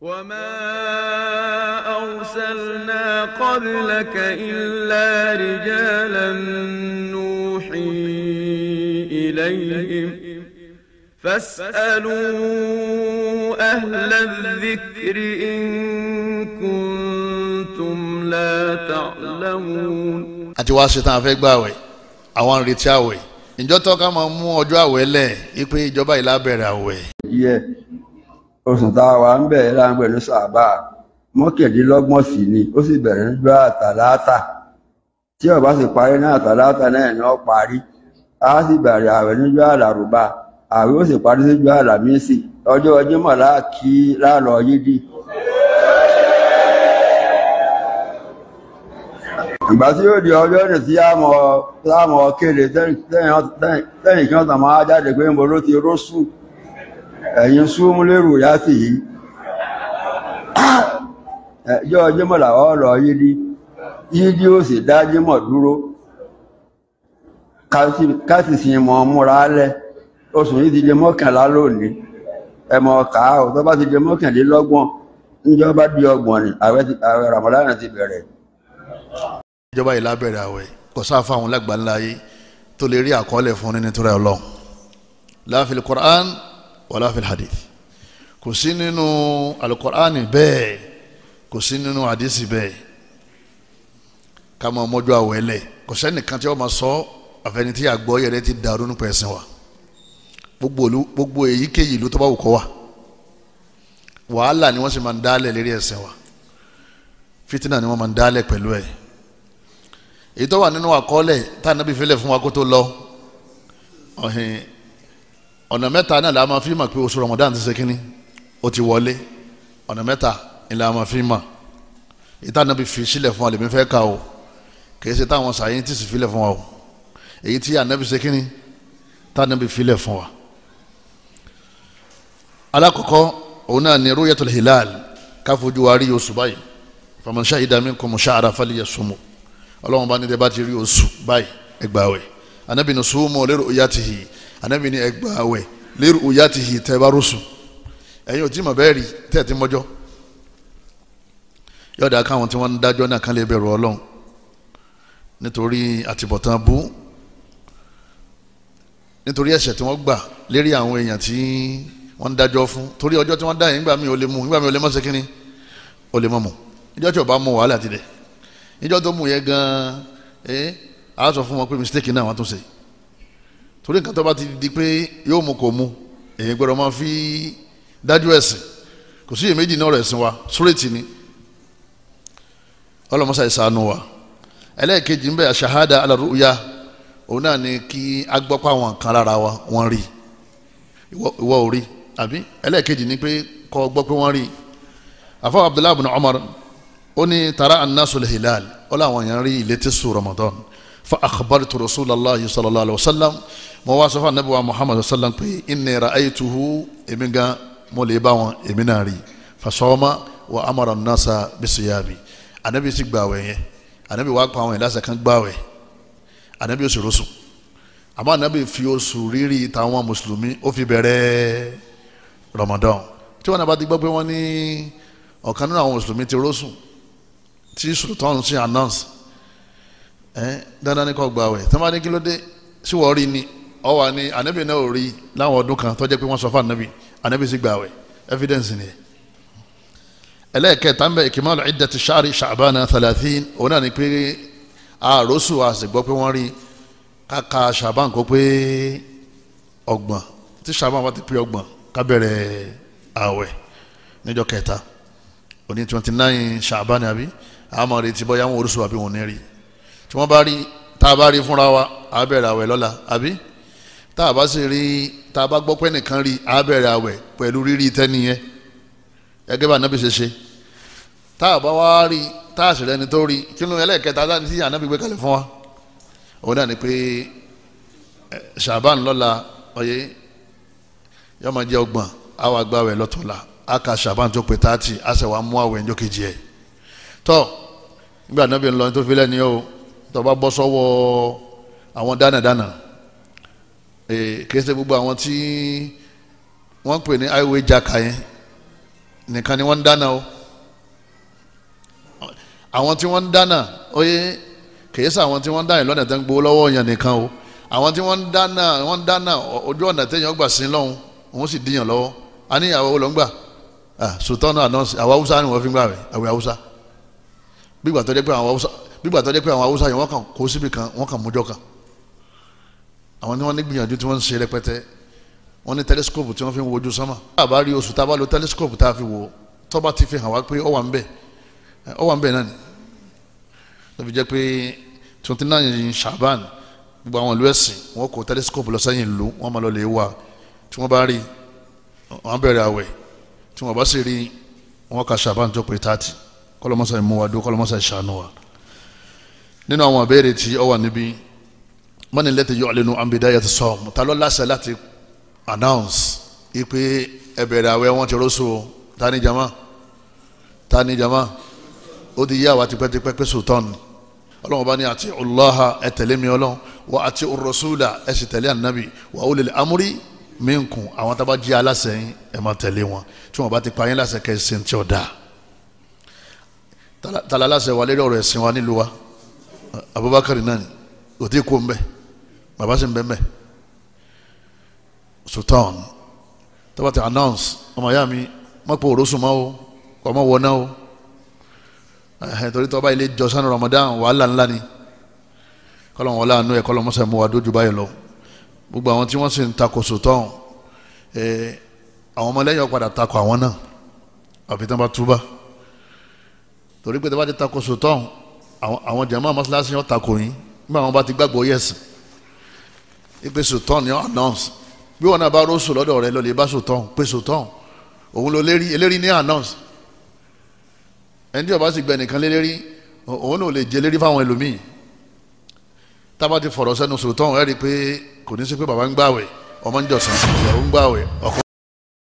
وما أرسلنا قبلك إلا رجالا نوحي إليهم فاسألوا أهل الذكر إن كنتم لا تعلمون àti wá ṣe tán a fẹ́ gbà àwẹ̀ àwọn ń retí àwẹ̀ ìjọ tó ká máa mú ọjọ́ àwẹ̀ lẹ̀ ipe ìjọba ìlà bẹ̀rẹ̀ àwẹ̀. oṣù tá a wà ń bẹ̀rẹ̀ láńgbẹ̀ẹ́nu sàbà mọ́kàndínlọ́gbọ̀n sì ni ó sì bẹ̀rẹ̀ níjọ́ tí ọba sì parí ní àtàláàtà náà a sì bẹ̀rẹ̀ ààwẹ̀ níjọ́ àlàrúbá ààwẹ̀ ó sì parí níjọ́ àlàmísì ọjọ́ lálọ́ yídì. ìgbà tí yóò di ọjọ́ ní tí kéde tẹ́yìn kí wọ́n tàn máa jáde pé ń ti ẹ̀yin súnmú lérò yáàtì yìí ah! ẹjọ́ jímọ̀ làwọn ọ̀rọ̀ yídí yídí ó sì dá jímọ̀ dúró káàsì sí mọ̀ múra lẹ̀ oṣù yìí ti di mọ́kànlá lónìí ẹ̀mọ̀ ọ̀kà ò tó bá ti di mọ́kànlélọ́gbọ̀n níjọ́ bá di ọgbọ̀n ni àwẹ̀ Ramadan ti bẹ̀rẹ̀. ìjọba yìí lábẹ́rẹ̀ àwẹ̀ kò sáà fáwọn lágbàá tó lè rí àkọọ́lẹ̀ fún ní nítorí ọlọ́run láàfin Qur'an wàlá fi hadith kò sí nínú alukur'ani bẹ́ẹ̀ kò sí nínú hadisi bẹ́ẹ̀ ká máa mọ́jú àwẹ̀lẹ̀ kò sẹ́nìkan tí wọ́n máa sọ àfẹni tí àgbọ̀ yẹrẹ ti dàrú nípa ẹ̀sìn wa gbogbo èyíkéyìí ìlú tó bá wù kọ́ wa wàhálà ni wọ́n sì máa ń dálẹ̀ lérí ẹ̀sìn wa fitina ni wọ́n máa ń dálẹ̀ pẹ̀lú ẹ̀ èyí tó wà nínú àkọọ́lẹ̀ tá a nábì fílẹ̀ fún wa kó tó lọ ọ̀hìn ọ̀nà mẹ́ta náà la máa fi mọ̀ pé oṣù Ramadan ti ṣe kínní ó ti wọlé ọ̀nà mẹ́ta ni la máa fi mọ̀ ìta nàbí fi sílẹ̀ fún wa lèmi fẹ́ ka o kì í ṣe táwọn sàyìn ti sì filẹ̀ fún wa o èyí tí ànábì ṣe kínní tá ànábì filẹ̀ fún wa. alákọ̀ọ́kọ́ òun náà ni ruyatul hilal káfojú wa rí oṣù báyìí faman shahida minkum shahra falyasumu ọlọ́run bá ní tẹ́ bá ti rí oṣù báyìí ẹgbàá wẹ̀ ní sumu li ru'yatihi anabi ni ẹgbà awẹ lérò òyà ti hi tẹ bá rọṣù ẹyin ò tí mà bẹ́ẹ̀ rí tẹ̀ tí mọ́jọ́ yọ̀dà káwọn tí wọ́n ń dájọ́ náà kán lè bẹ̀rù ọlọ́run nítorí àtìbọ̀tán bú nítorí ẹ̀ṣẹ̀ tí wọ́n gbà lérí àwọn èèyàn tí wọ́n ń dájọ́ fún torí ọjọ́ tí wọ́n dá yẹn nígbà mi ò lè mú nígbà mi ò lè mọ́ ṣe kínní ò lè mọ́ mọ́ ìjọ tí ò bá mú wàhálà ti dẹ̀ ìjọ tó mú yẹn gan-an ẹ̀ eh, á sọ fún wọn pé mistake náà wọ́n tún ṣe torí nǹkan tó bá ti di pé yóò mú kò mú èyí gbọ́dọ̀ máa fi dájú ẹ̀sìn kò sí iyèméjì náà rẹ̀ sìn wa súrètì ni ọlọ́mọṣà ìsànù wa ẹlẹ́ẹ̀kejì ń bẹ àṣàhádà alárúyà òun náà ni kí agbọ́pọ̀ àwọn kan lára wa wọ́n rí ìwọ ò àbí ẹlẹ́ẹ̀kejì ni pé kọ́ gbọ́ pé wọ́n rí àfọwọ́ abdullahi ibn umar ó ní tara annasul hilal ó láwọn yẹn rí ìlétí sùn ramadan fa akhbartu rasulallah sallallahu alaihi wa sallam mo wá sọ fún anabi wa muhammadu sallam pé inni ra'aytuhu èmi gan mo lè bá wọn èmi náà rí fasọ́ọ́mà wa amara nasa bisiyami anabi sì gbààwẹ̀ yẹn anabi wàá pa àwọn yẹn lásìkò kan gbààwẹ̀ anabi oṣù rọṣù àmọ́ anabi fi oṣù rírì táwọn mùsùlùmí ó fi bẹ̀rẹ̀ ramadan tí wọn náà bá ti gbọ́ pé wọ́n nínú àwọn mùsùlùmí ti rọṣù tí sultan sì announce dandan ni kò gbààwẹ̀ tọ́mọ́ ní kí ló dé síwọ́ rí ni ọ wà ní ànábì náà ò rí láwọn ọdún kan tó pé wọ́n sọ fún ànábì ànábì sì gbààwẹ̀ evidence ni ẹlẹ́ẹ̀kẹta ń bẹ ìkìmọ́lù ìdẹ̀tì sáré ṣàbánà thalathin òun náà ni pé àròsù àṣìgbọ́ pé wọ́n rí kàkà ṣàbán kó pé ọgbọ̀n tí ṣàbán bá ti pé ọgbọ̀n kábẹ̀rẹ̀ ààwẹ̀ níjọ́ kẹta òní twenty nine ṣàbánà àbí àmọ́ rètí bọ́yá wọn oríṣu àbí wọn ní rí tí wọ́n bá rí tá a bá rí fúnra wa á bẹ̀rẹ̀ àwẹ̀ lọ́la àbí tá a bá sì rí tá a bá gbọ́ pé nìkan rí á bẹ̀rẹ̀ àwẹ̀ pẹ̀lú rírí tẹ́ni yẹn gẹ́gẹ́ bá anábì ṣe ṣe tá a bá wá rí tá a sì rẹ́ni tó rí kí ló ẹlẹ́ẹ̀kẹta tí anábì gbé kalẹ̀ fún wa òun náà ni pé ṣàbán lọ́la ọ̀yẹ́ yóò máa jẹ́ ọgbọ̀n á wà gba àwẹ̀ lọ́tọ̀ọ̀la á ka ṣàbán tó pé táàtì á sì wá mú àwẹ̀ ẹ̀jọ́ kejì ẹ̀ tọ́ nígbà náà bí n lọ tó fi lẹ́ni o tó bá bọ́ sọ́wọ́ àwọn dánàdánà kìí ṣe gbogbo àwọn tí wọ́n ń pè ní highway jaka yẹn nìkan ni wọ́n ń dáná o àwọn tí wọ́n ń dáná oyè kìí ṣe àwọn tí wọ́n ń dáná lọ́nà tó ń gbowó lọ́wọ́ yẹn nìkan o àwọn tí wọ́n ń dáná wọ́n ń dáná ojú ọ̀nà téèyàn gbà sí lọ́hùn òun sì díyàn lọ́wọ́ a ní àwọn olóńgbà ah, sùtọ́nù àná àwọn haúsá ni wọ́n fi ń gbà rẹ̀ àwọn haúsá bí ìgbà tó dé pé àwọn haúsá bígbà tó jẹ́ pé àwọn haúsá yẹn wọ́n kàn kó síbi kan wọ́n kàn mújọ́ kan àwọn ni wọ́n ní gbìyànjú tí wọ́n ń ṣe rẹpẹtẹ wọ́n ní tẹlẹsikópù tí wọ́n fi ń wojú sánmà. tá a bá rí oṣù tá a bá lo tẹlẹsikópù tá a fi wò tó ti fi hàn wá pé ó wà ń bẹ ó wà ń bẹ náà ni tó fi jẹ́ pé twenty nine shaban gbogbo àwọn ìlú ẹ̀sìn wọ́n kó tẹlẹsikópù lọ sẹ́yìn ìlú wọ́n máa lọ lè wá tí wọ́n bá rí wọ́n bẹ̀rẹ̀ àwẹ̀ tí wọ́n bá sì rí wọ́n ka shaban tó pé thirty kọ́lọ́mọ́sá ìmúwadó kọ́lọ́mọ́sá ìṣàánú wa nínú àwọn àbẹ̀rẹ̀ tí ó wà níbí mọ́ni lẹ́tẹ̀ yọ àlẹ́nu àmbìdáyà ti sọ ta ló láṣẹ láti announce ipe ẹ̀bẹ̀rẹ̀ àwẹ̀ wọn ti rọ́ṣọ ta ni jama ta ni jama ó ti yá wa tipẹ́tipẹ́ pé sultan ọlọ́run bá ní àti ọlọ́ha ẹ tẹ̀lé mi ọlọ́run wa àti rasula ẹ sì tẹ̀lé ànábì wa ulil amri minkum àwọn tá a bá jí aláṣẹ yín ẹ máa tẹ̀lé wọn tí wọn bá ti pa láṣẹ kẹ́ ẹ sèǹtì ọ̀dà tala aláṣẹ wa lérí ọ̀rọ̀ ẹ̀sìn wa nílùú wa abubakar náà o kò tí ì kó mbẹ bàbá sì ń bẹ mbẹ sultan tọ́ba ti announce ọmọ ìyá mi mọ́pọ̀ òrósùnmọ́ o kọ́ mọ́ wọná o torí tọ́ba ilé jọsán Ramadan wàhálà ńlá ni kọ́lọ̀ wọn láàánú ẹ̀ kọ́lọ̀ mọ́sàmú wa dójú báyìí lọ gbogbo àwọn tí wọ́n sì ń takò sultan àwọn ọmọlẹ́yìn ọ̀padà takò àwọn náà àfi tí wọ́n bá túbà torí pé tí wọ́n bá ti takò sultan àwọn jàmbá mọ́sálásí yẹn takò yín nígbà wọn bá ti gbàgbọ́ yẹ̀sìn ipe sùtọ́n ni announce bí wọn náà bá rọ́ọ̀sù lọ́dọ̀ rẹ lọ́ọ́ lè bá sùtọ́n pé sùtọ́n òun ló lérí elérí ní announce ẹni tí ó bá sì gbẹ nìkan lélérí òun náà lè jẹ lérí fáwọn ẹlòmíì tábà ti fọ̀rọ̀ sẹ́nu sùtọ́n ẹ̀ rí i pé kò ní sí pé bàbá ń gbàwẹ̀ ọmọ ń jọ̀sán ìyàwó ń gbàwẹ̀ ọkọ